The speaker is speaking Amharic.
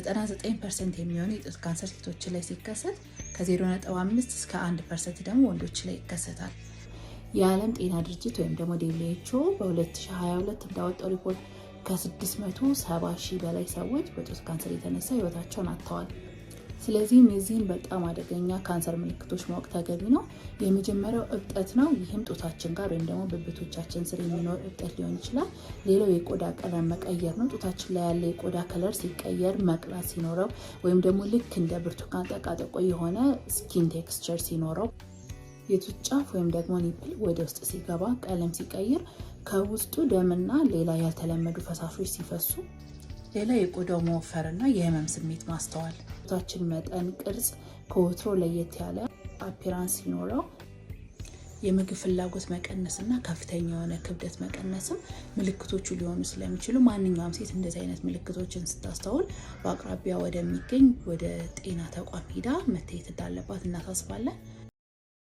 99 ፐርሰንት የሚሆኑ የጡት ካንሰር ሴቶች ላይ ሲከሰት ከ0.5 እስከ 1 ፐርሰንት ደግሞ ወንዶች ላይ ይከሰታል። የዓለም ጤና ድርጅት ወይም ደግሞ ዴብሊውኤችኦ በ2022 እንዳወጣው ሪፖርት ከ670 ሺህ በላይ ሰዎች በጡት ካንሰር የተነሳ ህይወታቸውን አጥተዋል። ስለዚህም የዚህም በጣም አደገኛ ካንሰር ምልክቶች ማወቅ ተገቢ ነው። የመጀመሪያው እብጠት ነው። ይህም ጡታችን ጋር ወይም ደግሞ ብብቶቻችን ስር የሚኖር እብጠት ሊሆን ይችላል። ሌላው የቆዳ ቀለም መቀየር ነው። ጡታችን ላይ ያለ የቆዳ ከለር ሲቀየር፣ መቅላት ሲኖረው ወይም ደግሞ ልክ እንደ ብርቱካን ጠቃጠቆ የሆነ ስኪን ቴክስቸር ሲኖረው የጡት ጫፍ ወይም ደግሞ ኒፕል ወደ ውስጥ ሲገባ ቀለም ሲቀይር ከውስጡ ደምና ሌላ ያልተለመዱ ፈሳሾች ሲፈሱ ሌላ የቆዳው መወፈር ና የህመም ስሜት ማስተዋል ታችን መጠን ቅርጽ ከወትሮ ለየት ያለ አፒራንስ ሲኖረው የምግብ ፍላጎት መቀነስ እና ከፍተኛ የሆነ ክብደት መቀነስም ምልክቶቹ ሊሆኑ ስለሚችሉ ማንኛውም ሴት እንደዚህ አይነት ምልክቶችን ስታስተውል በአቅራቢያ ወደሚገኝ ወደ ጤና ተቋም ሂዳ መታየት እንዳለባት እናሳስባለን።